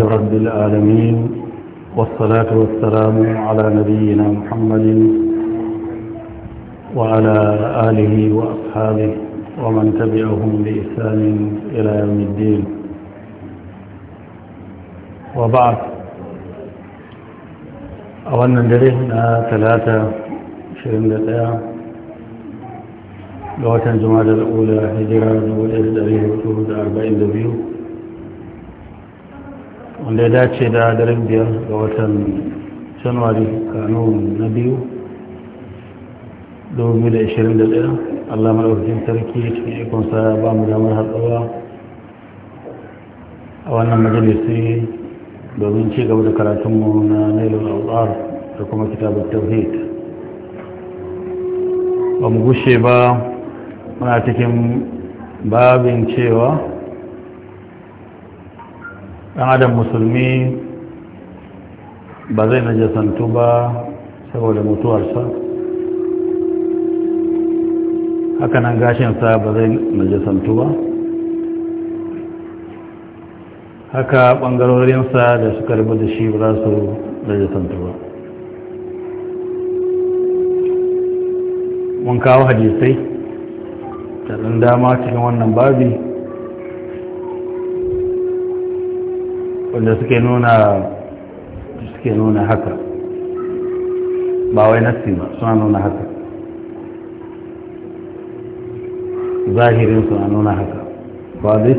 رب العالمين والصلاة والسلام على نبينا محمد وعلى آله وأصحابه ومن تبعهم بإحسان إلى يوم الدين وبعد أولا ندرهنا ثلاثة شرين دقيقة لغة جمال الأولى هجرة أربعين 1442 wanda ya dace da daren biyar ga watan januwari kanun na biyu 2021 allah wajen sarki cikin ikonsa ba mu damar hatsawa a wannan majalisi domin ci gaba da karatunmu na nailun al'ar da kuma kitabar tauhid ba mu gushe ba muna cikin babin cewa ɗan adam musulmi ba zai najasantu ba saboda mutuwarsa hakanan gashinsa ba zai najasantu ba haka ɓangarorinsa da suka rabu da shi ba za su najasantu ba mun kawo hadisai da ɗan dama cikin wannan babi wanda suke nuna suke nuna haka ba wai nassi ba suna nuna haka zahirin suna nuna haka ba zai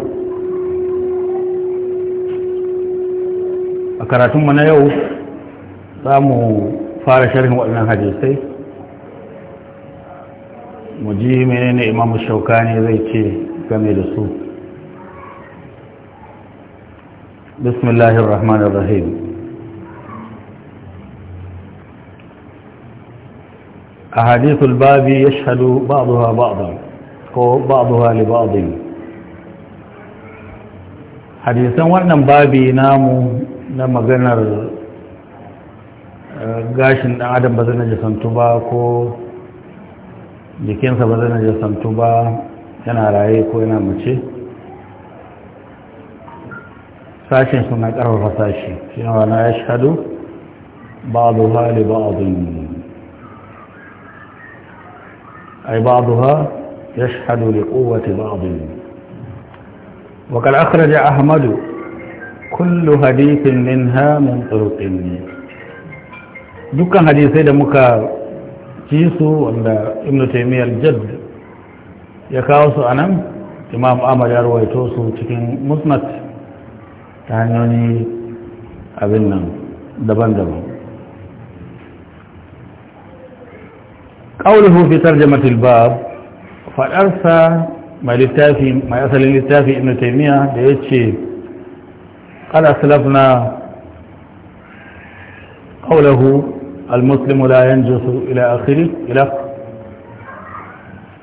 a karatunmu na yau za mu fara sharhin waɗannan hadisai mu ji menene imamu ne zai ce game da su بسم الله الرحمن الرحيم أحاديث الباب يشهد بعضها بعضا أو بعضها لبعض حديثا وعنا بابي نامو لما غنر قاش ان بذن بدنا جسم كو لكن سبذن جسم تبا كان على رأيكو إنا مچه فاشن suna ƙarfafa فاشن شنو أنا أشهد بعضها لبعض أي بعضها يشهد لقوة بعض وقد أخرج أحمد كل حديث منها من طرق حديث سيدة مكا جيسو ولا ابن تيمية الجد يكاوس أنم إمام آمر يروي توسو تكين مسند ta hanyoyi abin nan daban-daban ƙaunuhu fi da bab faɗarsa mai littafi mai asalin littafi ibn taimiyya da ya ce qala salafna qawluhu al-muslimu la yanjusu ila akhiri ila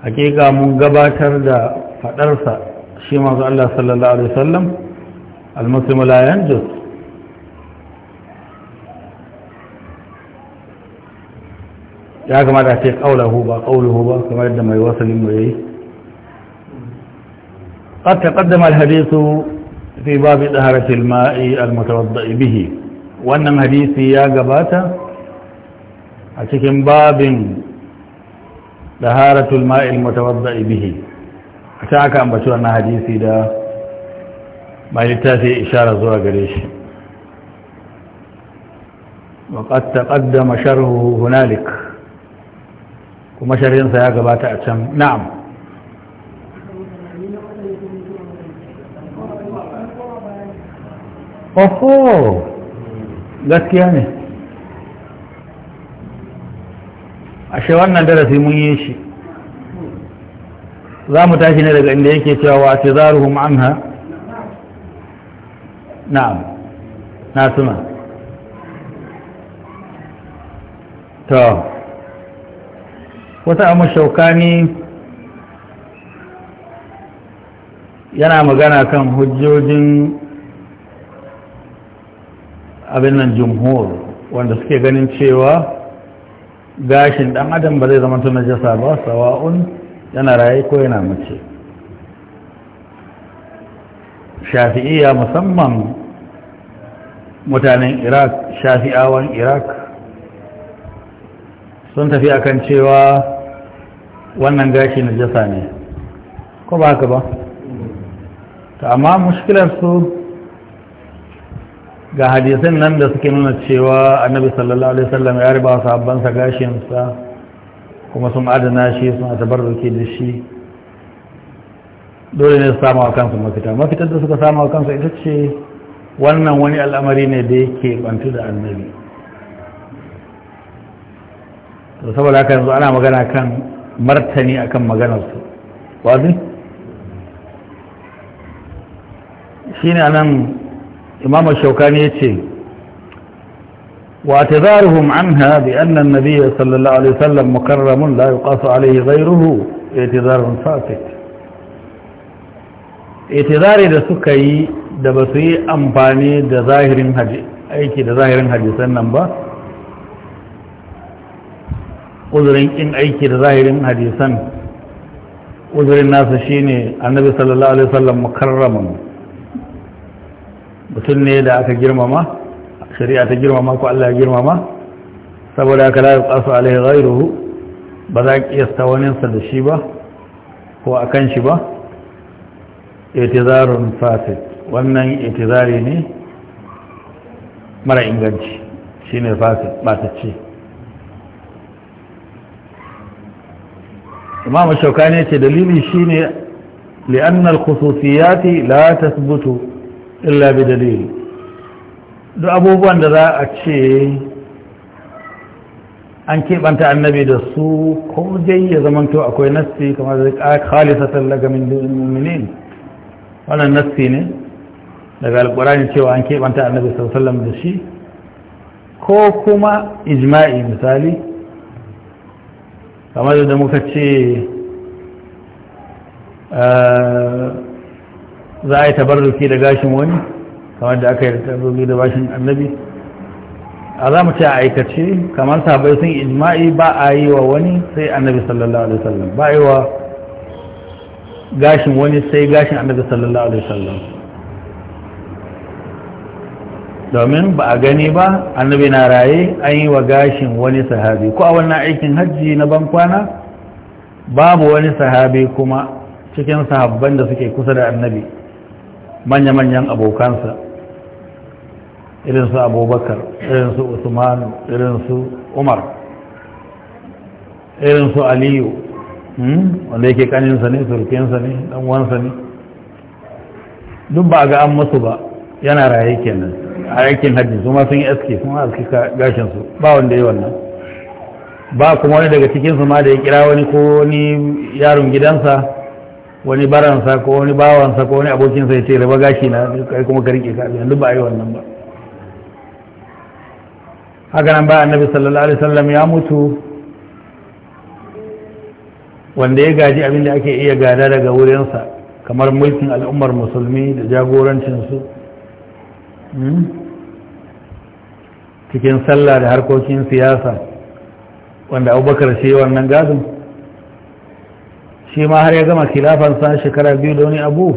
hakika mun gabatar da faɗarsa shi manzo Allah sallallahu alaihi المسلم لا ينجس ya kamata ce kaulahu ba kauluhu ba kamar yadda mai wasalin mu yayi قد تقدم الحديث في باب طهارة الماء المتوضئ به wannan hadisi ya gabata a cikin babin daharatul ma'il mutawadda'i bihi a ta aka ambaci wannan hadisi da ta littafi ishara zuwa gare shi وقد تقدم Kuma هنالك ya gabata a can نعم Oho, gaskiya ne ashe wannan darasi mun yi shi za mu tashi ne daga inda yake cewa ta zaruhum anha na'am na suna to wata amma shaukani yana magana kan hujjojin abin nan jumhur wanda suke ganin cewa gashin dan adam ba zai zama tunajasa ba sawa'un yana raye ko yana mace shafi'iyya musamman mutanen iraq shafi'awan iraq sun tafi akan cewa wannan gashi na jasa ne ko ba haka ba ta amma su ga hadisin nan da suke nuna cewa annabi sallallahu alaihi wasallam ya riba sahabbansa gashinsa kuma sun adana shi sun atabar da shi dole ne su samu a kansu mafita mafitar da suka samu a kansu ita ce wannan wani al'amari ne da yake bantu da annabi to saboda haka yanzu ana magana kan martani akan maganarsu wazi shi ne anan imamu shaukani ya ce واعتذارهم عنها بأن النبي صلى الله عليه وسلم مكرم لا يقاس عليه غيره اعتذار فاسد itizari da suka yi da ba su yi amfani da zahirin aiki da zahirin hadisan nan ba uzurin kin aiki da zahirin hadisan uzurin nasa shine annabi sallallahu alaihi wasallam mukarramun mutum ne da aka girmama shari'a ta girmama ko Allah ya girmama saboda aka la yuqasu alaihi ghayruhu ba za ki yasta wani sa da shi ba ko akan shi ba itizarun fasid wannan itizari ne mara inganci shine fasid batacce imamu shaukani ce dalili shine ne al-khususiyati la tasbutu illa bi dalili duk abubuwan da za a ce an keɓanta annabi da su ko dai ya zamanto akwai nassi kamar zai khalisatan laga min wannan nassi ne daga alkurani cewa an keɓanta annabi sallallahu da shi ko kuma ijma'i misali kamar yadda muka ce eh, za a yi tabarruki da gashin wani kamar da aka yi tabarruki da bashin annabi a za mu ce a aikace kamar sabai sun ijma'i ba a yi wa wani sai annabi sallallahu alaihi wasallam ba a yi wa gashin wani sai gashin annabi sallallahu alaihi wasallam domin ba a gani ba annabi na raye an yi wa gashin wani sahabi ko a wannan aikin hajji na bankwana babu wani sahabi kuma cikin sahabban da suke kusa da annabi manya-manyan abokansa irinsu abubakar irinsu usmanu irinsu umar irinsu aliyu Hmm? wanda yake kaninsa ne surkensa ne ɗanwansa ne duk ba ga an musu ba yana raye kenan a yakin hajji su ma sun yi aske kuma aske gashinsu ba wanda ya wannan ba kuma wani daga cikinsu ma da ya kira wani ko wani yaron gidansa wani baransa ko wani bawansa ko wani abokinsa ya ce raba gashi na kai kuma ka rike ka duk ba a yi wannan ba haka nan ba annabi sallallahu alaihi wasallam ya mutu wanda ya gaji abin da ake iya gada daga wurinsa kamar mulkin al'ummar musulmi da jagorancinsu hmm? cikin sallah da harkokin siyasa wanda abubakar shi wannan gadon shi ma har ya gama san shekara biyu da wani abu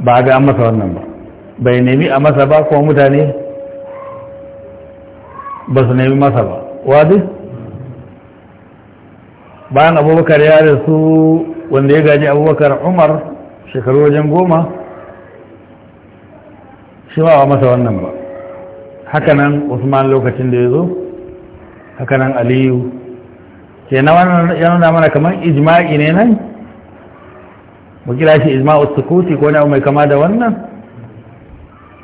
ba ga an masa wannan ba bai nemi a masa ba kuma mutane ba su nemi masa ba wadu bayan abubakar ya rasu wanda ya gaji abubakar umar shekaru wajen goma shi ba masa wannan ba hakanan usman lokacin da ya zo hakanan aliyu ke na wannan ya da mana kamar ijma'i ne nan mu kira shi ijma'u sukuti ko na mai kama da wannan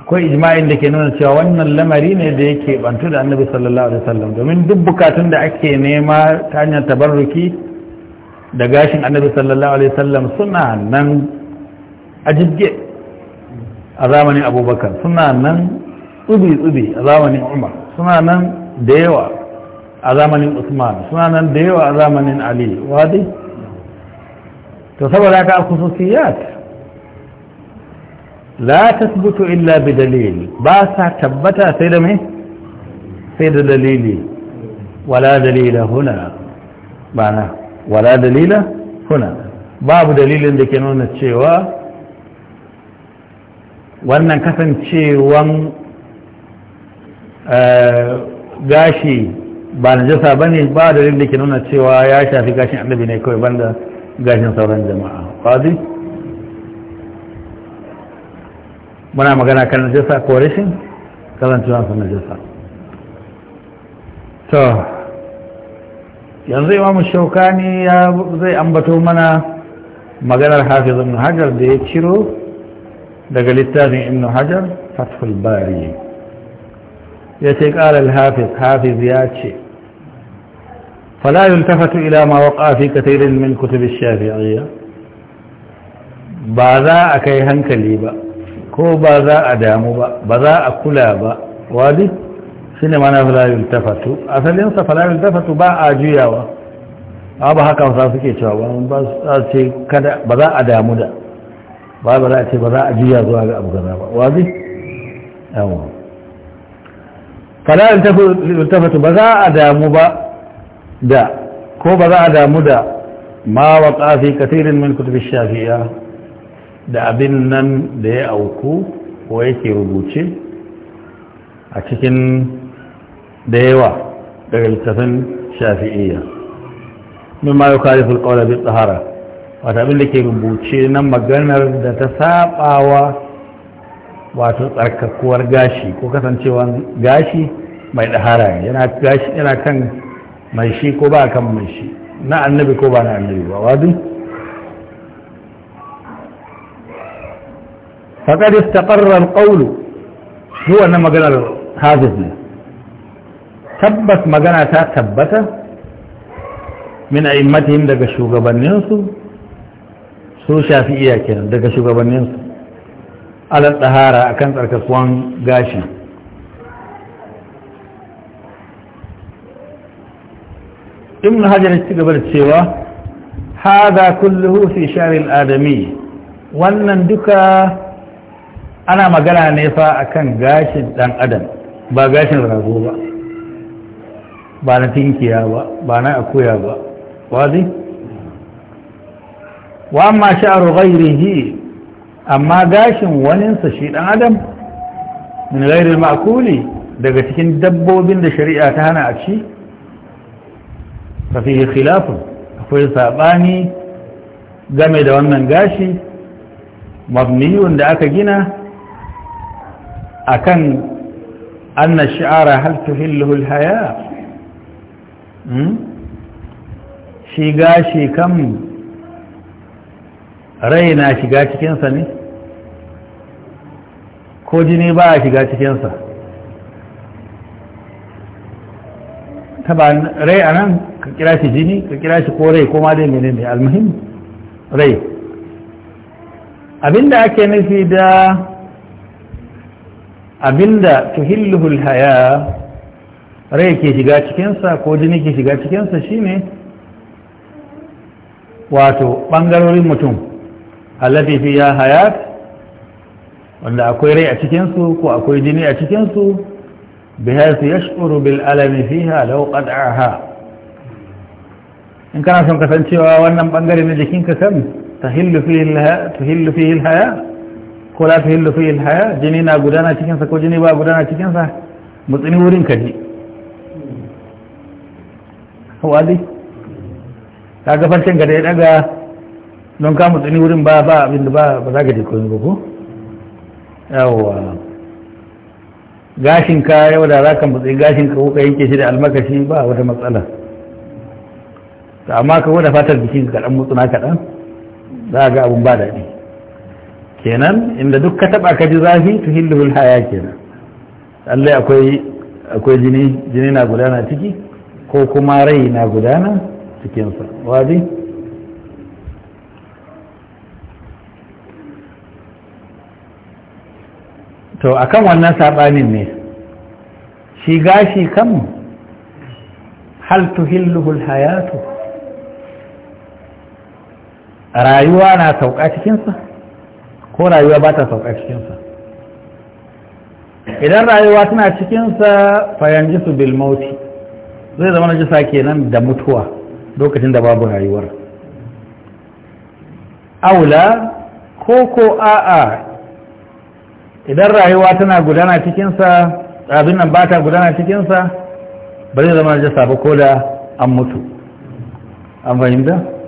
akwai ijma'in da ke nuna cewa wannan lamari ne da yake bantu da annabi sallallahu alaihi wasallam domin duk bukatun da ake nema ta hanyar tabarruki da gashin annabi sallallahu alaihi wasallam suna nan a jibge a zamanin abubakar suna nan tsubi-tsubi a zamanin umar suna nan da yawa a zamanin usman suna nan da yawa a zamanin ali wadi to saboda ka kususiyat la tasbutu illa bi dalil ba sa tabbata sai da mai sai da dalili wala dalila huna bana wala dalila huna babu dalilin da ke nuna cewa wannan kasancewan gashi ba na jasa ba ne ba dalilin da ke nuna cewa ya shafi gashin annabi ne kawai banda gashin sauran jama'a ƙwazi muna magana kan najasa ko rashin karantuwa su najasa to yanzu imamu shaukani ya zai ambato mana maganar hafiz ibn hajar da ya ciro daga littafin ibn hajar fathul bari ya ce ƙarar hafiz hafiz ya ce فلا يلتفت إلى ما وقع في كثير من كتب الشافعية بعضا أكي هنكلي بقى ko ba za a damu ba ba za a kula ba wadi shi ne mana falayul tafatu asalinsa falayul tafatu ba a juyawa a ba haka wasa suke cewa ba ba ce kada ba za a damu da ba ba za a ce ba za a juya zuwa ga abu gaza ba wadi yawon falayul tafatu ba za a damu ba da ko ba za a damu da ma wa tsafi katirin min kutubin shafi'a da abin nan da ya auku ko yake rubuce a cikin da yawa daga littafin shafi'iyya min ma yukari fil qawla bi tsahara wata abin da ke rubuce na maganar da ta saɓawa wato tsarkakuwar gashi ko kasancewa gashi mai ɗahara yana yana kan mai shi ko ba kan mai shi na annabi ko ba na annabi ba wadu فقد استقر القول هو أن مقنع هذه ثبت مقنع ثبت من أئمتهم دقى الشوقب النصر سو شافئية كنا دقى الشوقب النصر على الطهارة أكانت الكسوان قاشا ابن هذا استقبل السوا هذا كله في شعر الآدمي وأن دكا ana magana ne fa akan gashin dan adam ba gashin rago ba ba na tinkiya ba ba na akuya ba wazi wa amma sha'ru ghairihi amma gashin waninsa shi dan adam min ghairil ma'kuli daga cikin dabbobin da shari'a ta hana a ci fa fihi khilafun akwai sabani game da wannan gashi mabniyun da aka gina akan anna shi'ara hal tuhilluhu Shiga shi gashi kam rai na shiga cikinsa ne ko jini ba a shiga cikinsa taba rai a nan ka kira shi jini ka kira shi ko rai ko ma dai mene ne almuhim rai abinda ake nufi da abinda tuhilluhul haya rai ke shiga cikinsa ko jini ke shiga cikinsa shine wato ɓangarorin mutum allafi fi ya hayat wanda akwai rai a cikinsu ko akwai jini a cikinsu ya shuru bil alami fiha law ha in kana son kasancewa wannan bangare na jikinka kan tahillu fihi haya ko la tahillu fi haya jini na gudana cikin sa ko jini ba gudana cikin sa mutsini wurin kaji hawa dai ta ga farcen ka da ya daga don ka mutsini wurin ba ba abin da ba ba za ka je koyi ba ko yawa gashin ka yau da za ka mutsi gashin ka ko ka yanke shi da almakashi ba wata matsala amma ka wada fatar jikin ka kaɗan mutsuna kaɗan za a ga abun ba daɗi kenan inda duk ka taba ka ji zafi to hillul haya kenan lallai akwai akwai jini jini na gudana ciki ko kuma rai na gudana sa wadi to akan wannan sabanin ne shi gashi kan hal tuhilluhul hayatu rayuwa na sauka cikinsa ko rayuwa ba ta sauka cikinsa idan rayuwa tana cikinsa fayan jisu bilmauti zai zama na jisa kenan da mutuwa lokacin da babu rayuwar aula ko ko a'a idan rayuwa tana gudana cikinsa abin nan ba ta gudana cikinsa ba zai zama na jisa ba ko da an mutu an fahimta?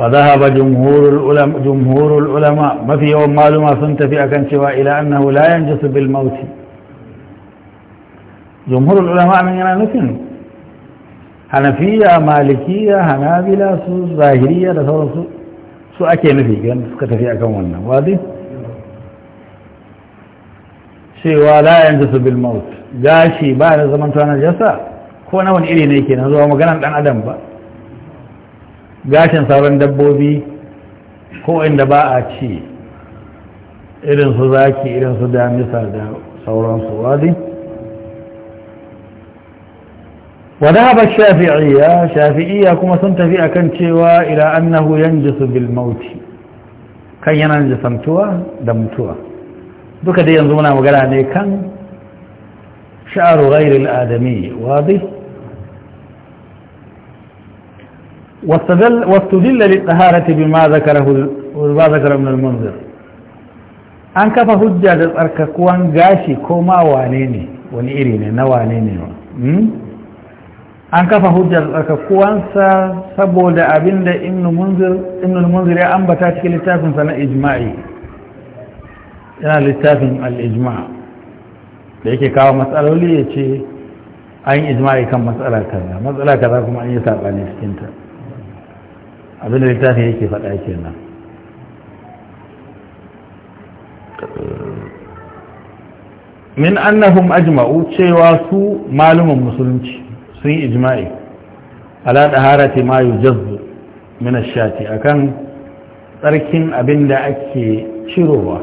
فذهب جمهور العلماء جمهور العلماء ما في يوم سنت في أكن سوى إلى أنه لا ينجس بالموت جمهور العلماء من هنا نفن حنفية مالكية حنابلة ظاهرية لثورة سوء ake nufi gan suka tafi akan wannan wadi cewa la yanzu su bil maut gashi ba da zaman tuwa na jasa ko na wani iri ne gashin sauran dabbobi ko inda ba a ci irin su zaki irin su damisa da sauransu wadi wadaba shafi'iyya shafi'iyya kuma sun tafi akan cewa ila annahu yanjisu bil mauti kan yana jisamtuwa da mutuwa duka dai yanzu muna magana ne kan sha'aru ghairil adami wadi واستدل, واستدل للطهارة بما ذكره ما ذكر ابن المنذر an kafa hujja da tsarkakuwan gashi ko ma wane wani iri ne na wane ne an kafa hujja da tsarkakuwansa saboda abinda innu munzir ya ambata cikin littafinsa na ijma'i yana littafin al'ijma da yake kawo matsaloli ya ce an yi ijma'i kan matsala kaza matsala kaza kuma an yi saɓa ne cikinta abin da littafin yake faɗa kenan min annahum ajma'u cewa su malumin musulunci sun yi ijma'i ala harati ma yujazzu min A shati akan tsarkin abin da ake cirowa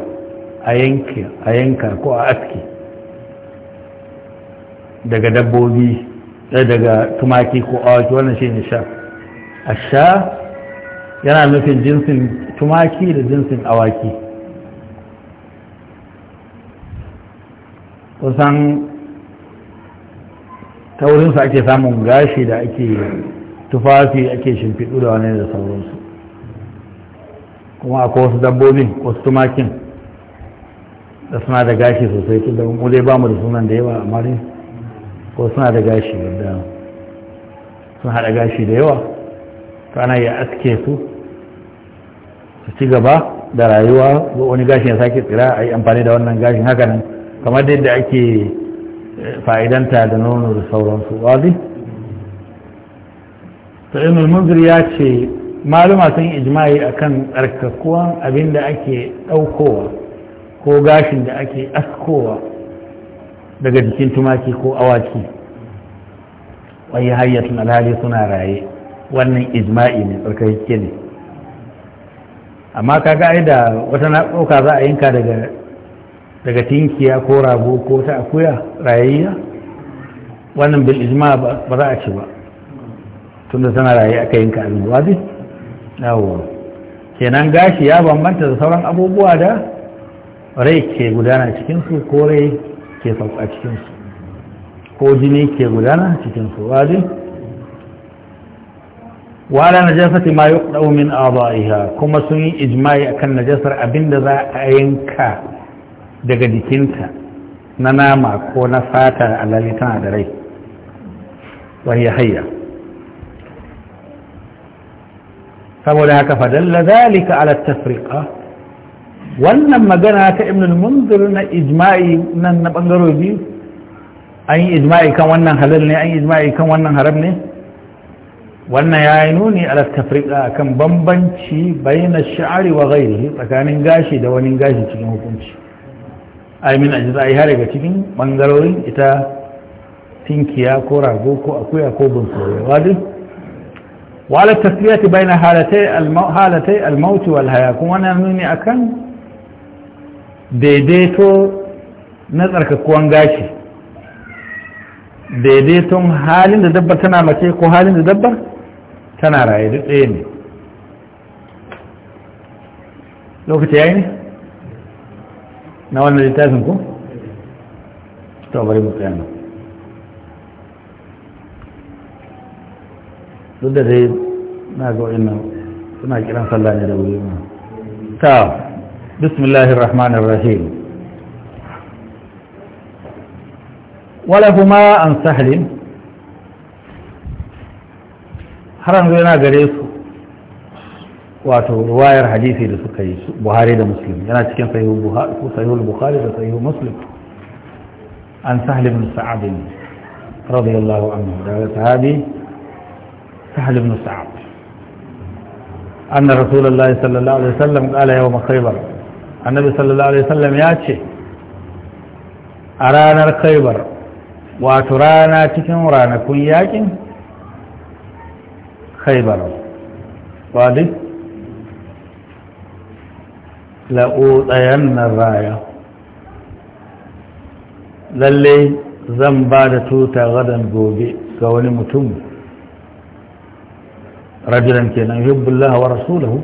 a yanka a yanka ko a aski daga dabbobi eh, daga tumaki ko awaki wannan ne sha sha yana nufin jinsin tumaki da jinsin awaki kusan ta wurinsu ake samun gashi da ake tufafi ake shimfiɗu da wani da sauransu kuma akwai wasu dabbobin wasu tumakin da suna da gashi sosai tun da mu dai bamu da sunan da yawa amma ko suna da gashi da sun haɗa gashi da yawa to ana iya aske su su ci gaba da rayuwa ga wani gashin ya sake tsira a yi amfani da wannan gashin haka nan kamar yadda ake eh, fa'idanta da nono da sauransu wazi ta yi munzir ya ce maluma sun ijma'i kan tsarkakkuwan abin da ake ɗaukowa ko gashin da ake askowa daga jikin tumaki ko awaki wai hayyatun alhali suna raye wannan ijma'i ne tsarkake ne amma ka ga da wata na za a yinka daga daga tinkiya ko rago ko ta akuya rayayya wannan bil ijma ba za a ci ba tunda tana rayayya aka yinka abin wazi yawo kenan gashi ya bambanta da sauran abubuwa da rai ke gudana cikinsu ko rai ke sauka cikinsu ko jini ke gudana cikinsu wazi وعلى نجاسة ما يقرأ من أعضائها كما سني إجماع أكن نجاسة أبند ذا أينك دقديكينك ننام أكون فاتا على لتنا دري وهي حية فمولاك فدل ذلك على التفرقة ولما جناك ابن المنذر ان اجماعي من بنغرو بي اي اجماعي كان ونن اي اجماعي كان ونن wannan ya yi nuni a alastafrika kan bambanci bayyana sha'ari wa gairi tsakanin gashi da wani gashi cikin hukunci aimin a yi hari daga cikin bangarorin ita tinkiya ko rago ko akuya ko bunsoye wadu wala tasbiyati bayna halatai almauti wal haya kuma wannan nuni akan daidaito na tsarkakuwan gashi daidaiton halin da dabbar tana mace ko halin da dabbar tana raye duk ɗaya ne lokaci ya yi ne na wannan littafin ku? to bari mu tsaya duk da dai na ga wa'in suna kiran sallah ne da wuri ma ta bismillahir rahmanir rahim ولهما عن سهل har yanzu yana gare su wato ruwayar hadisi da suka yi buhari da muslim yana cikin sahihul buhari da sahihul muslim an sahal ibn sa'ad radiyallahu anhu daga sahabi sahal ibn sa'ad anna rasulullahi sallallahu alaihi wasallam qala yawm khaybar annabi sallallahu alaihi wasallam ya ce a ranar khaybar wato rana cikin ranakun yakin khaybar wadi la utayanna raya lalle zan ba da tuta gobe ga wani mutum rajulan kenan yuhibbullah wa rasuluhu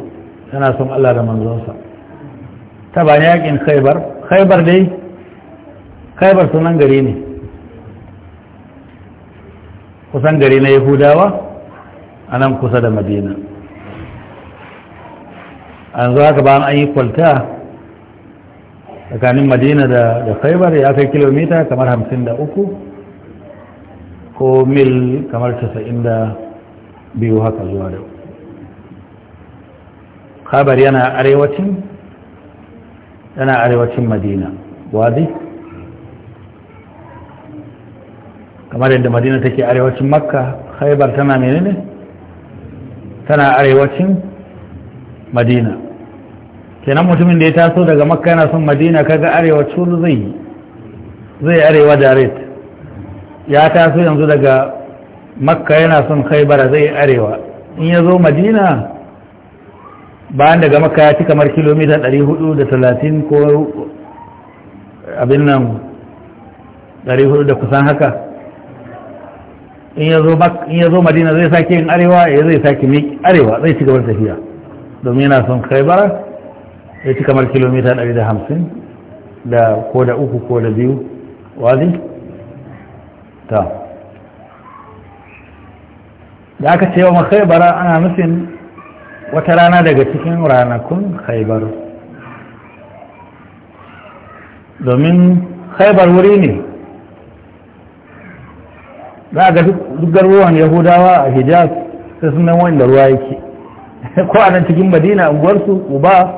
yana son Allah da manzonsa ta ba yakin khaybar khaybar dai khaybar sunan gari ne kusan gari na yahudawa a nan kusa da madina an yanzu haka bayan an yi kwalta tsakanin madina da khaibar ya kai kilomita kamar hamsin da uku ko mil kamar casa'in da biyu haka zuwa da khabar yana arewacin yana arewacin madina wadi kamar yadda madina take arewacin makka khaibar tana menene tana arewacin madina kenan mutumin da ya taso daga makka yana son madina kaga arewacin zai zai arewa direct ya taso yanzu daga makka yana son khaibara zai arewa in ya zo madina bayan daga makka ya ci kamar kilomita 430 ko abin nan 400 da kusan haka in ya zo madina zai sake yin arewa ya eh, zai sake mai arewa zai ci da tafiya domin yana son khaibar ya ci kamar kilomita 150 da ko da uku ko da biyu wazi ta da aka ce wa khaibara ana nufin wata rana daga cikin ranakun khaibar domin khaibar wuri ne za ga duk garuruwan yahudawa a hijaz sai sun nan wani da ruwa yake ko a nan cikin madina unguwarsu uba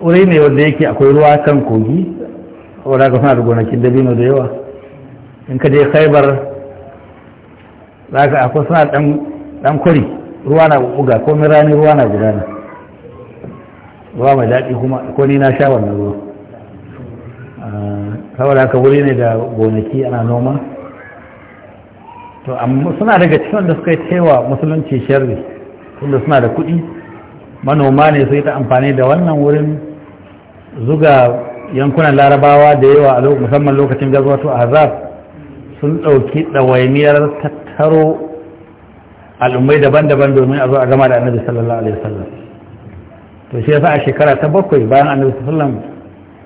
wuri ne wanda yake akwai ruwa kan kogi wadda ka suna da gonakin dabino da yawa in ka je khaibar za ka akwai suna dan kwari ruwa na buga ko rani ruwa na gudana ruwa mai daɗi kuma ko ni na sha wannan ruwa saboda wuri ne da gonaki ana noma to amma suna daga cikin wanda suka yi cewa musulunci sharri tunda suna da kuɗi manoma ne sai ta amfani da wannan wurin zuga yankunan larabawa da yawa musamman lokacin a azab sun ɗauki ɗawainiyar tattaro al'ummai daban-daban domin a zo a gama da annabi sallallahu alaihi wasallam to shi yasa a shekara ta bakwai bayan annabi sallallahu alaihi wasallam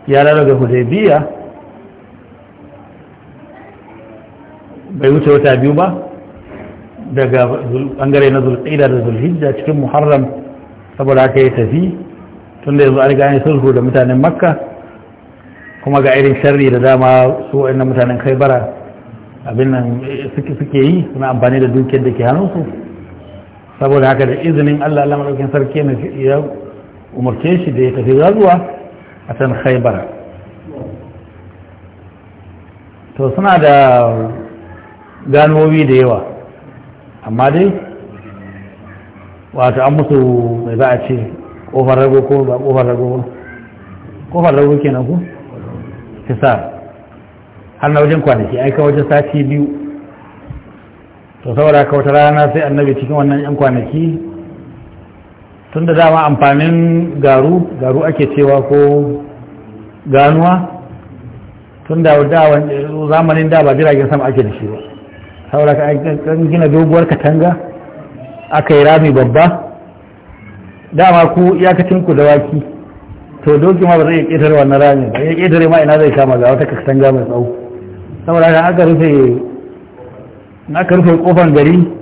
ya daga hudaibiya bai wuce wata biyu ba daga bangare na zulƙida da zulhijja cikin muharram saboda aka ya tafi tun da yanzu an gane sulhu da mutanen makka kuma ga irin sharri da dama su wa'in mutanen kai bara abin nan suke yi suna amfani da dukiyar da ke hannunsu saboda haka da izinin allah alamar maɗaukin sarki ya umarce shi da ya tafi zazuwa a can khaibar to suna da ganowi da yawa amma dai wato an musu mai za a ce kofar rago ko ba kofar rago ba kofar rago kenan ku Kisar har na wajen kwanaki ai ka wajen sati biyu to saboda ka wata rana sai annabi cikin wannan yan kwanaki tun da dama amfanin garu garu ake cewa ko ganuwa tun da zamanin da ba jiragen sama ake da shi ba saboda kan gina doguwar katanga aka yi rami babba dama ku iyakacin ku waki to doki ma ba zai ƙetare wannan rami ba ya ƙetare ma ina zai kama ga wata katanga mai tsawo saboda kan aka rufe na aka rufe kofan gari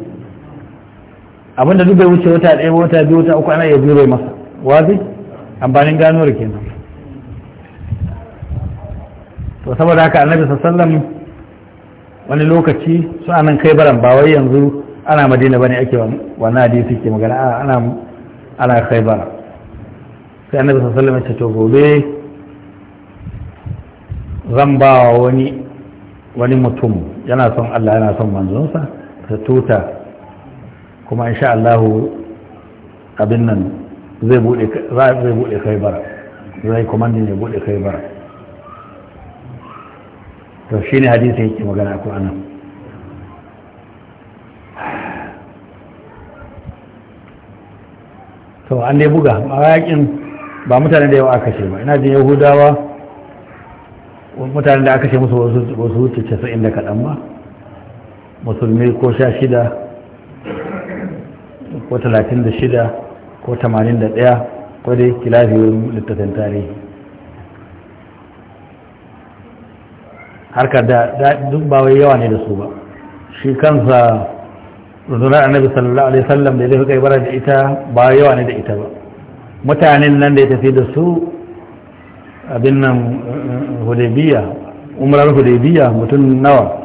abinda duk bai wuce wata ɗaya wata biyu wata uku ana iya jure masa wazi amfanin gano da kenan to saboda haka annabi sallam wani lokaci su anan kai baran ba wai yanzu ana madina bane ake wannan hadisi ke magana ana ana kai bara sai annabi sallam ya ce to gobe zan ba wani wani mutum yana son Allah yana son manzonsa ta tuta kuma insha Allah abin nan zai bude bara zai komandin ya bude bara, to shi ne hadisi yake magana a anan to an dai buga mayakin ba mutane da yawa aka ce ba ina jin yahudawa mutane da aka ce musu wasu wuce casa'in da kaɗan ba musulmi ko sha shida ko 36 ko 81 ko dai kilafi wurin littafin tarihi harkar da duk ba wai yawa ne da su ba shi kansa rundunar annabi sallallahu alaihi sallam da ya fi kai da ita ba yawa ne da ita ba mutanen nan da ya tafi da su abin nan hudebiya umarar hudebiya mutum nawa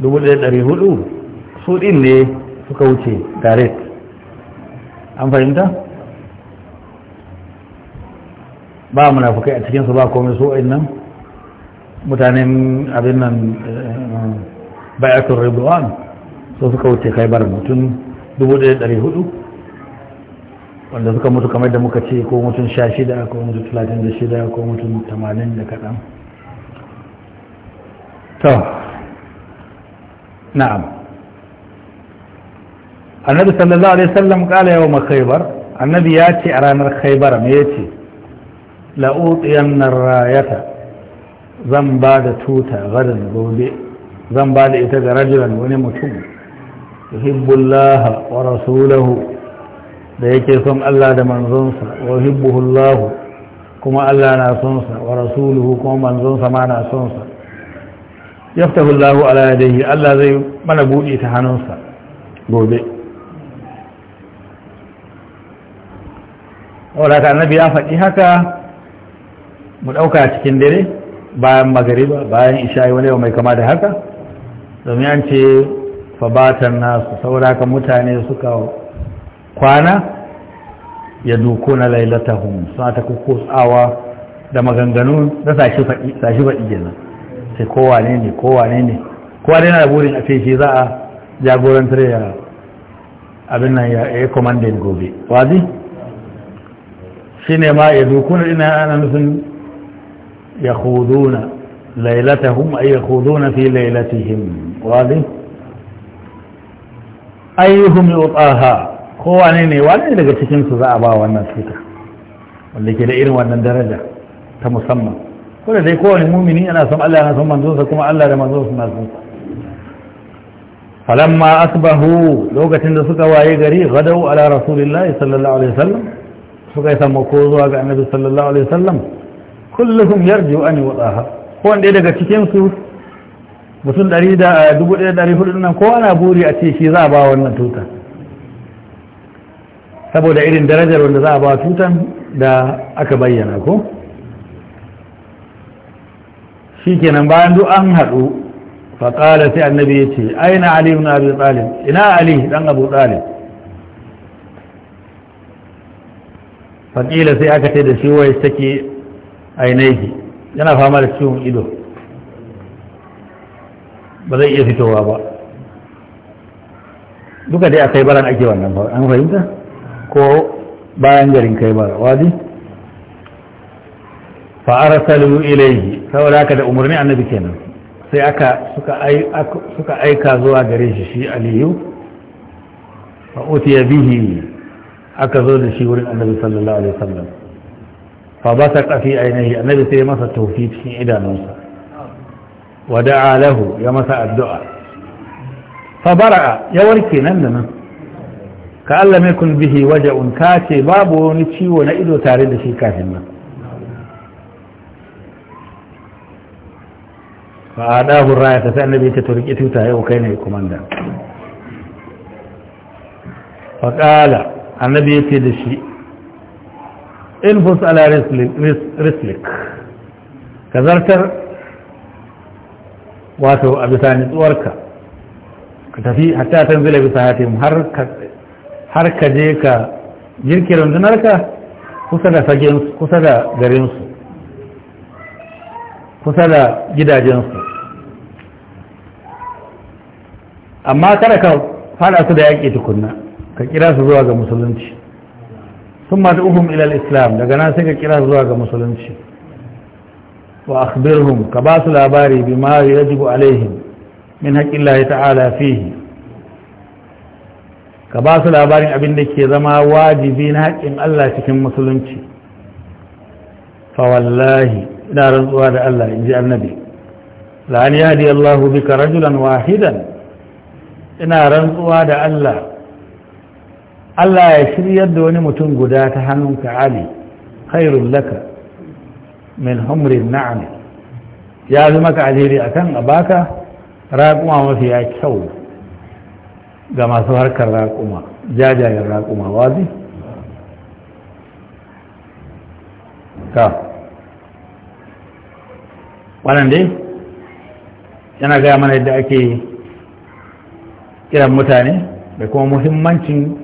1400 su din ne suka wuce direct an fahimta ba munafukai a cikinsu ba komai su nan mutanen abin nan eh, bayatun ribuwan so suka wuce khaibar mutum 1400 wanda suka mutu kamar da muka ce ko mutum 16 ko mutum 36 ko mutum 80 da kaɗan to na'am annabi sallallahu alaihi wasallam kala yawma khaybar annabi ya ce a ranar khaybar me yace la utiyanna rayata zan ba da tuta gadan gobe zan ba da ita ga rajulan wani mutum yuhibbullaha wa rasulahu da yake son Allah da manzonsa wa yuhibbuhullahu kuma Allah na son sa wa rasuluhu kuma manzonsa ma na son sa yaftahu Allahu ala yadihi Allah zai mana buɗe ta hannunsa gobe wadda annabi ya faɗi haka mu ɗauka cikin dare bayan magariba bayan isha'i wani mai kama da haka domin an ce fabatan nasu sauraka mutane suka kwana ya duku na lailatahun suna ta kukusawa da maganganu da sashi faɗi gina sai kowa ne ne kowa ne ne kowa ne na da burin a ce shi za a jagorantar ya abin nan ya yi commanding gobe wazi ne ma ya dukuna ina ana nufin ya khuduna lailatahum ay yakhuduna fi lailatihim wadi yi yutaha kowane ne wani daga cikinsu za a ba wannan fita wanda ke da irin wannan daraja ta musamman Kuma da dai kowane mumini yana son Allah yana son manzonsa kuma Allah da manzonsa na son sa falamma asbahu lokacin da suka waye gari gadau ala rasulillahi sallallahu alaihi wasallam suka yi sammako zuwa ga annabi sallallahu alaihi wasallam kulluhum yarju an yudaha ko wanda daga cikin su ɗari 1400 eh, nan ko ana buri a ce shi za a ba wannan tuta saboda irin darajar wanda za a ba tutan da aka bayyana ko shi kenan bayan duk an haɗu faƙala sai annabi ya ce aina ali ibn abi talib ina ali dan abu talib fakila sai aka ce da shi wai take ainihi yana fama da ciwon ido ba zai iya fitowa ba duka dai a kai baran ake wannan ba an fahimta ko bayan garin kai bara wadi fa'arasalu ilaihi saboda haka da umarni annabi kenan sai aka suka aika zuwa gare shi shi aliyu fa'utiya bihi aka zo da shi wurin annabi sallallahu alaihi wasallam fa ba ta kafi ainihi annabi sai masa taufi cikin idanunsa wa da'a lahu ya masa addu'a fa bara'a ya warke nan da nan ka Allah mai kun bihi waja'un ka ce babu wani ciwo na ido tare da shi kafin nan fa adahu raya ta sai annabi ta turki tuta yau kai ne komanda fa qala annabi ya ce da shi ilfus ala rislik ka zartar wato a bisa nitsuwarka ka tafi hatta tanzila bisa hatim har ka je ka jirki rundunarka kusa da fagensu kusa da garinsu kusa da gidajensu amma kada ka fada su da yaƙi tukunna ka kira su zuwa ga musulunci sun mata uhum ilal islam daga nan sai ka kira su zuwa ga musulunci wa akhbirhum ka ba su labari bi ma yajibu alaihim min haƙƙin ta'ala fihi ka ba su labarin abin da ke zama wajibi na haƙƙin Allah cikin musulunci fa wallahi ina rantsuwa da Allah in ji annabi la an yahdi Allah bika rajulan wahidan ina rantsuwa da Allah Allah ya shiryar da wani mutum guda ta hannunka Ali khairul laka min humrin na'am ya zama maka alheri akan a baka raƙuma ya kyau ga masu harkar raƙuma jajayen raƙuma wazi Ka wannan dai yana gaya mana yadda ake kiran mutane da kuma muhimmancin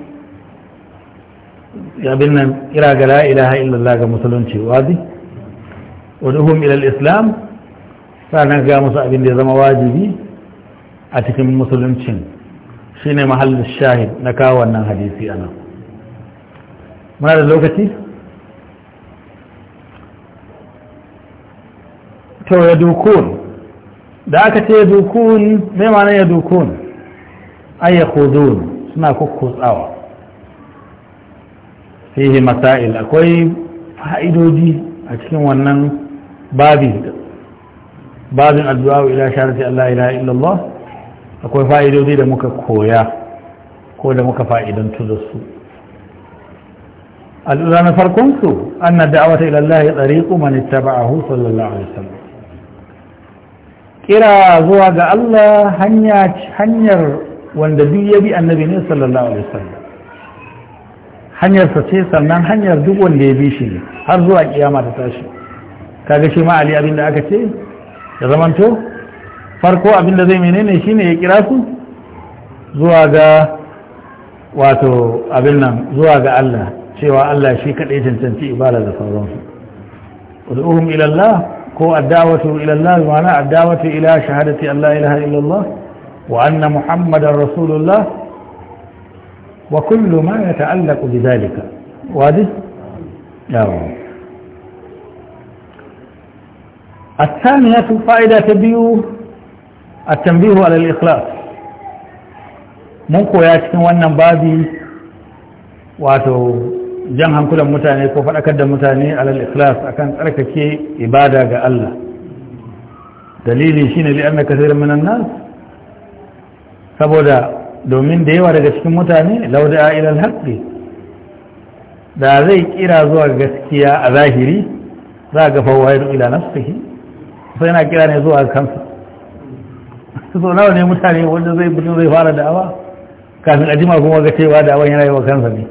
abin nan ira ga la ilaha illallah ga musulunci wazi waduhum ila islam sannan ga musu abin da ya zama wajibi a cikin musuluncin shine mahallin shahid na kawo wannan hadisi ana muna da lokaci to ya dukun da aka ce ya dukun mai ma'ana ya dukun ay suna kukkutsawa fihi masail akwai fa'idodi a cikin wannan babi babin addu'a ila sharati Allah ila illallah akwai fa'idodi da muka koya ko da muka fa'idantu da su al'ula na farkon su an na da'awata ila Allah ya tsariƙu mani taba'ahu sallallahu alaihi wasallam kira zuwa ga Allah hanyar wanda duk ya bi annabi ne sallallahu alaihi wasallam hanyarsa ce sannan hanyar duk wanda ya bi shi ne har zuwa kiyama ta tashi kaga shi ma ali abinda aka ce ya zamanto farko abinda zai menene shine ya kira su zuwa ga wato abin nan zuwa ga Allah cewa Allah shi kaɗai cancanci ibada da sauransu ud'uhum ila Allah ko addawatu ila Allah ma'ana addawatu ila shahadati Allah ilaha illallah wa anna muhammadar rasulullah وكل ما يتعلق بذلك واضح الثانية فائدة تبيو التنبيه على الإخلاص منكو ياتكن wannan babi wato jan hankulan mutane ko faɗakar da mutane alal ikhlas akan tsarkake ibada ga Allah dalili shine li'anna kaseeran minan nas saboda domin da yawa daga cikin mutane lauda ilal haqqi da zai kira zuwa gaskiya a zahiri za ga fawaidu ila nafsihi sai yana kira ne zuwa kansa so nawa ne mutane wanda zai fito zai fara da'awa kafin a jima kuma ga cewa da'awan yana yi wa kansa ne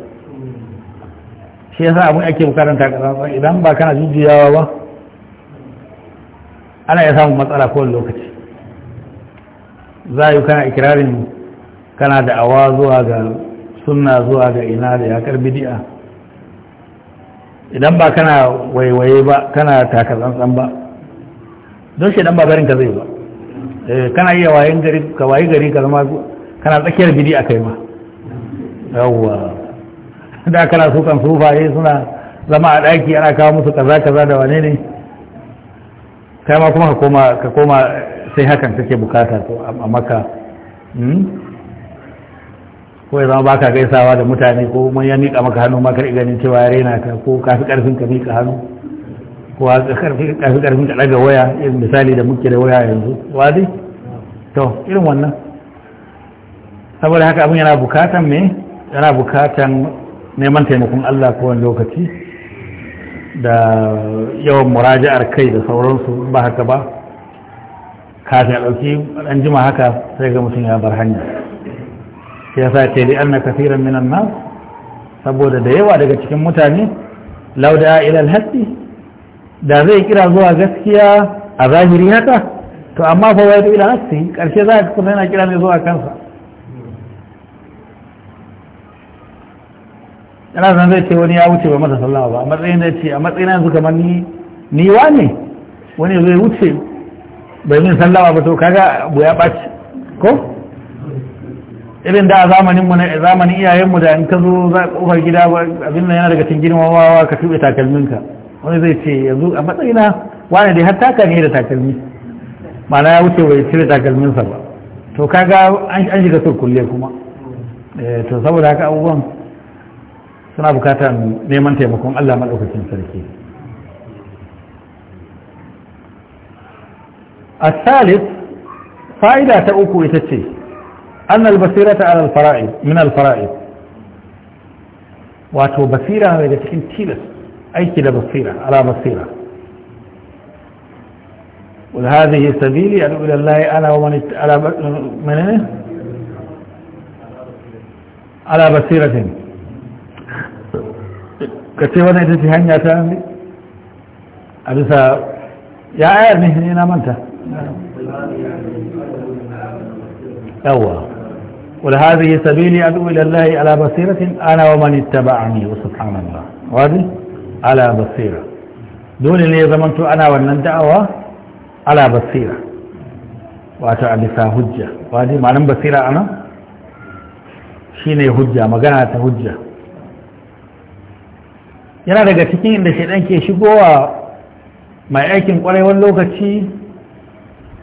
shi yasa abin ake bukaranta kasan idan ba kana jujjuyawa ba ana ya samun matsala kowane lokaci za a yi kana ikirarin kana da awa zuwa ga sunna zuwa ga ina da karbi bidi'a idan ba kana waiwaye ba kana takatsantsan ba don shi dan ba barin ka zai ba eh, kana iya wayin gari ka wayi gari ka zama kana tsakiyar bidi'a kai ma yawwa da kana su kan sufaye suna zama a daki ana kawo musu kaza kaza da wane ne kai ma kuma ka koma sai hakan kake bukata to a maka hmm? ko ya zama baka gaisawa da mutane ko kuma ya miƙa maka hannu ma karɓi ganin cewa ya rena ka ko ka fi ƙarfin ka miƙa hannu ko ka fi ƙarfin ka ɗaga waya irin misali da muke da waya yanzu wadi to irin wannan saboda haka abin yana bukatan me yana bukatan neman taimakon Allah wani lokaci da yawan muraja'ar kai da sauransu ba haka ba kafin a ɗauki ɗan jima haka sai ga mutum ya bar hanya ya yasa ce li anna kaseeran minan nas saboda da yawa daga cikin mutane lauda da ila al da zai kira zuwa gaskiya a zahiri haka to amma fa wai ila nafsi karshe za ka kuma yana kira ne zuwa kansa yana zan zai ce wani ya wuce ba masa sallama ba a matsayin da ce a matsayin yanzu kamar ni ni wa ne wani zai wuce bai min sallama ba to kaga abu ya ɓaci ko irin da a zamanin mu ne zamanin iyayen mu da in ka zo za kofar gida abin nan yana daga cikin girmamawa ka tube takalminka wani zai ce yanzu a matsayina wani dai har taka ne da takalmi ma'ana ya wuce bai cire takalminsa ba to kaga an shiga kulle kuma eh, to saboda haka abubuwan suna bukatar neman taimakon Allah madaukakin sarki a salis fa'ida ta uku ita ce أن البصيرة على الفرائض من الفرائض واتو بصيرة هذا تكين تيلس أي كلا بصيرة على بصيرة وهذه سبيلي أدعو إلى الله أنا ومن على من على بصيرة kace wannan ita ce hanya ta يا a bisa ya ayar قل هذه سبيلي أدعو إلى الله على بصيرة أنا ومن اتبعني وسبحان الله واضح على بصيرة دون اللي زمنت أنا ومن دعوة على بصيرة وأتى بسا هجة واضح معنى بصيرة أنا شيني هجة مقنعة هجة yana daga cikin inda shaidan ke shigowa mai aikin kwarewar lokaci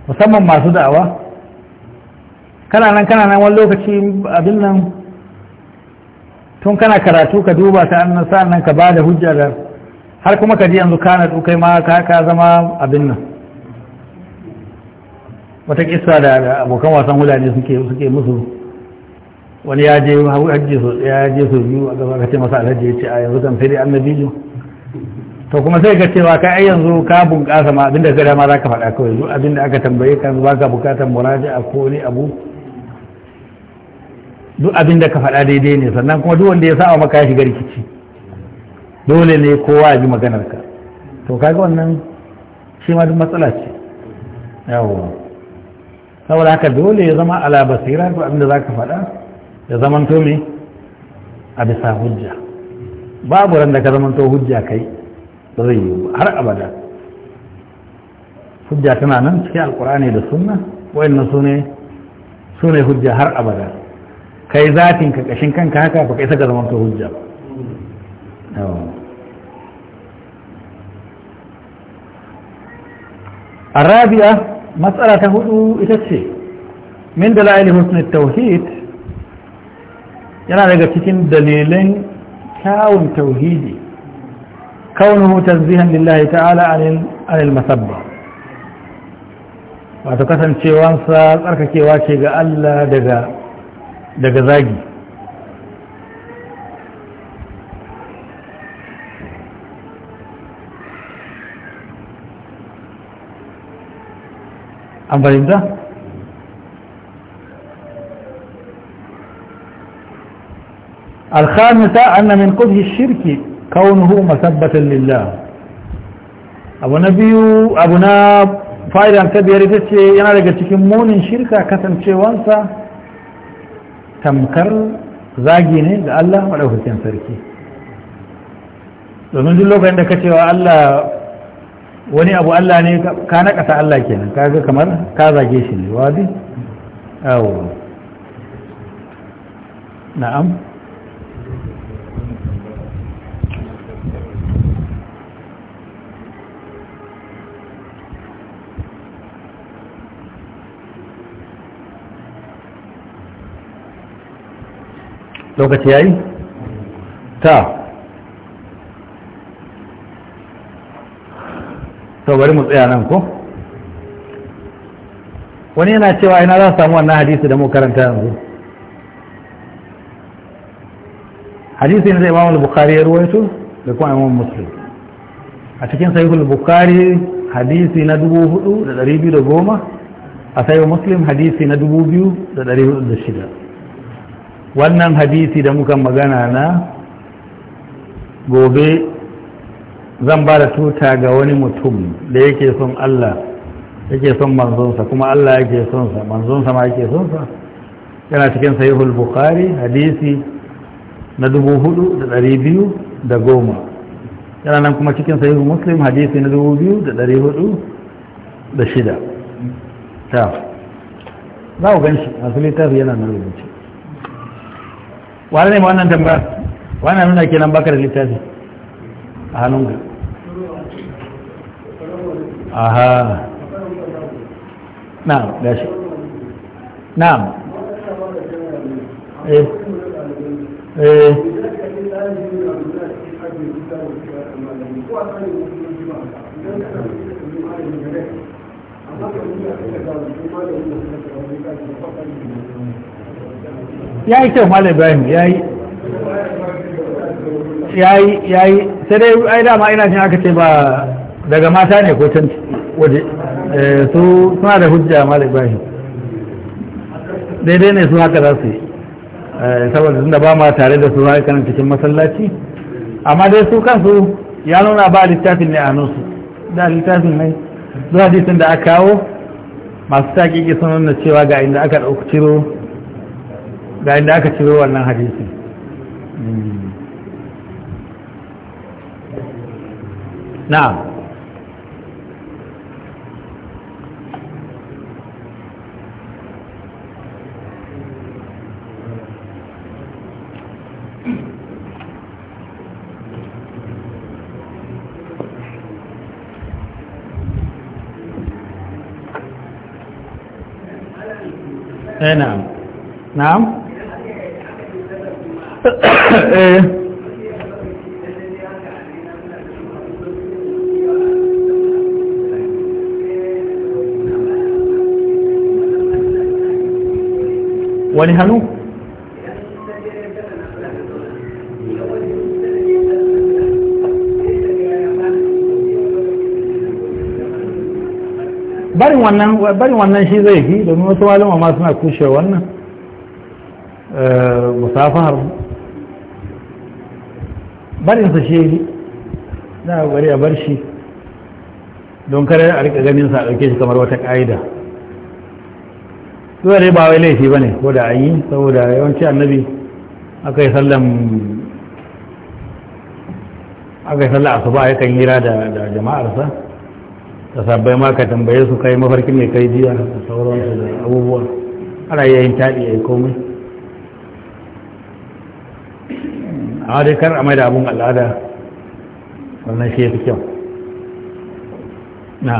musamman masu da'awa kana nan kana nan wani lokaci abin nan tun kana karatu ka duba ta annan sa'an nan ka ba da hujja da har kuma ka ji yanzu kana kai ma ka zama abin nan wata kisa da abokan wasan hulani suke suke musu wani ya je hajji so ya je so biyu a gaba ka masa alhaji ya ce a yanzu kan fere biyu to kuma sai ka wa ka ai yanzu ka bunƙasa ma abinda ka da ma za ka faɗa kawai abinda aka tambaye ka ba ka bukatar a ko wani abu duk abin da ka faɗa daidai ne sannan kuma duk wanda ya sa maka ya shiga rikici dole ne kowa ya ji maganar ka to kaga wannan shi ma duk matsala ce yawo saboda haka dole ya zama ala basira duk abin da za ka faɗa ya to me a bisa hujja babu ran da ka to hujja kai ba zai yi har abada hujja tana nan cikin alkur'ani da sunna wayannan su ne su ne hujja har abada kai zatin ka kashin kanka haka baka isa ga zaman ka hujja hudu ita ce min da دلائل husni Tauhid, yana daga cikin dalilin kyawun tauhidi kaunuhu tanzihan lillahi ta'ala anil masabba wato kasancewansa tsarkakewa ce ga Allah daga daga zagi an fahimta? alkhamisa annamin kudhi shirki kaunuhu masabbatan lillah abu na biyu abu na fa'idan ta biyar ita ce yana daga cikin munin shirka kasancewansa tamkar zagi ne ga Allah maɗaukakin sarki domin duk lokacin da ka cewa Allah wani abu Allah ne ka naƙasa Allah kenan kaga kamar ka zage shi ne wadi awo na'am lokaci yayi ta to bari mu tsaya nan ko wani yana cewa ina za samu wannan hadisi da mu karanta yanzu hadisi ne da imam al-bukhari ya ruwaito da kuma imam muslim a cikin sahih al-bukhari hadisi na 4210 a sahih muslim hadisi na 2206 wannan hadisi da muka magana na gobe zan ba da tuta ga wani mutum da yake son Allah yake son manzonsa kuma Allah yake son sa manzonsa ma yake son sa yana cikin sahihul bukhari hadisi na dubu hudu da dari biyu da goma yana nan kuma cikin sahihul muslim hadisi na dubu biyu da dari hudu da shida ta za ku gan shi masu littafi yana na rubuce wani ne ma wannan tambaya wani nuna ke nan bakar littafi a hannun ga aha na'am gashi na'am eh eh Thank you. ya yi kyau malam ibrahim ya yi ya yi sai dai ai dama ina jin aka ce ba daga mata ne ko can waje eh, su suna da hujja malam ibrahim daidai ne su haka za su yi eh, saboda tunda ba ma tare da su haikanin cikin masallaci amma dai su kansu ya nuna ba littafin ne a nusu da littafin ne zuwa hadisin da aka kawo masu taƙiƙi sun nuna cewa ga inda aka ɗauki ciro ga inda aka ciro wannan hadisi na'am ايه ونهنوا barin wannan barin wannan shi zai fi domin wasu malama ma suna kushe wannan musafahar barin sa shi na bari a bar shi don kare a rika ganin sa ɗauke shi kamar wata ka'ida zuwa dai ba wai laifi ba ne ko da an yi saboda yawanci annabi aka yi sallan aka yi sallan asuba ya kan hira da jama'arsa ta sabbai ma ka tambaye su kai mafarkin mai kai jiya da sauransu da abubuwa ana yayin taɗi ya yi komai A dai kar a mai da abun al'ada wannan shi ya fi kyau na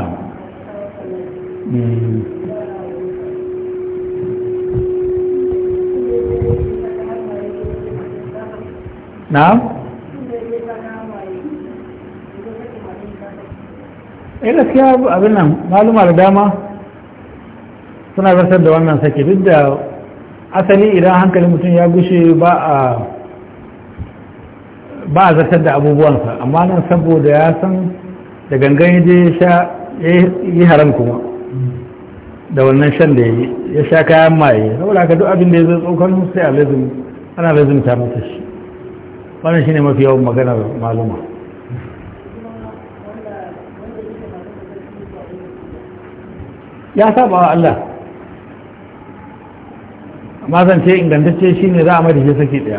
na ya gaskiya abin nan maluma da dama suna zartar da wannan sake duk da asali idan hankalin mutum ya gushe ba a ba a zartar da abubuwansa amma nan saboda ya san da gangan ya je sha yi haram kuma da wannan shan da ya yi ya sha kayan maye saboda ka duk abin da ya zai tsokar sai a lazim ana ta masa shi wannan shine mafi yawan maganar maluma ya saba wa Allah amma zance ingantacce shine za a madace saki daya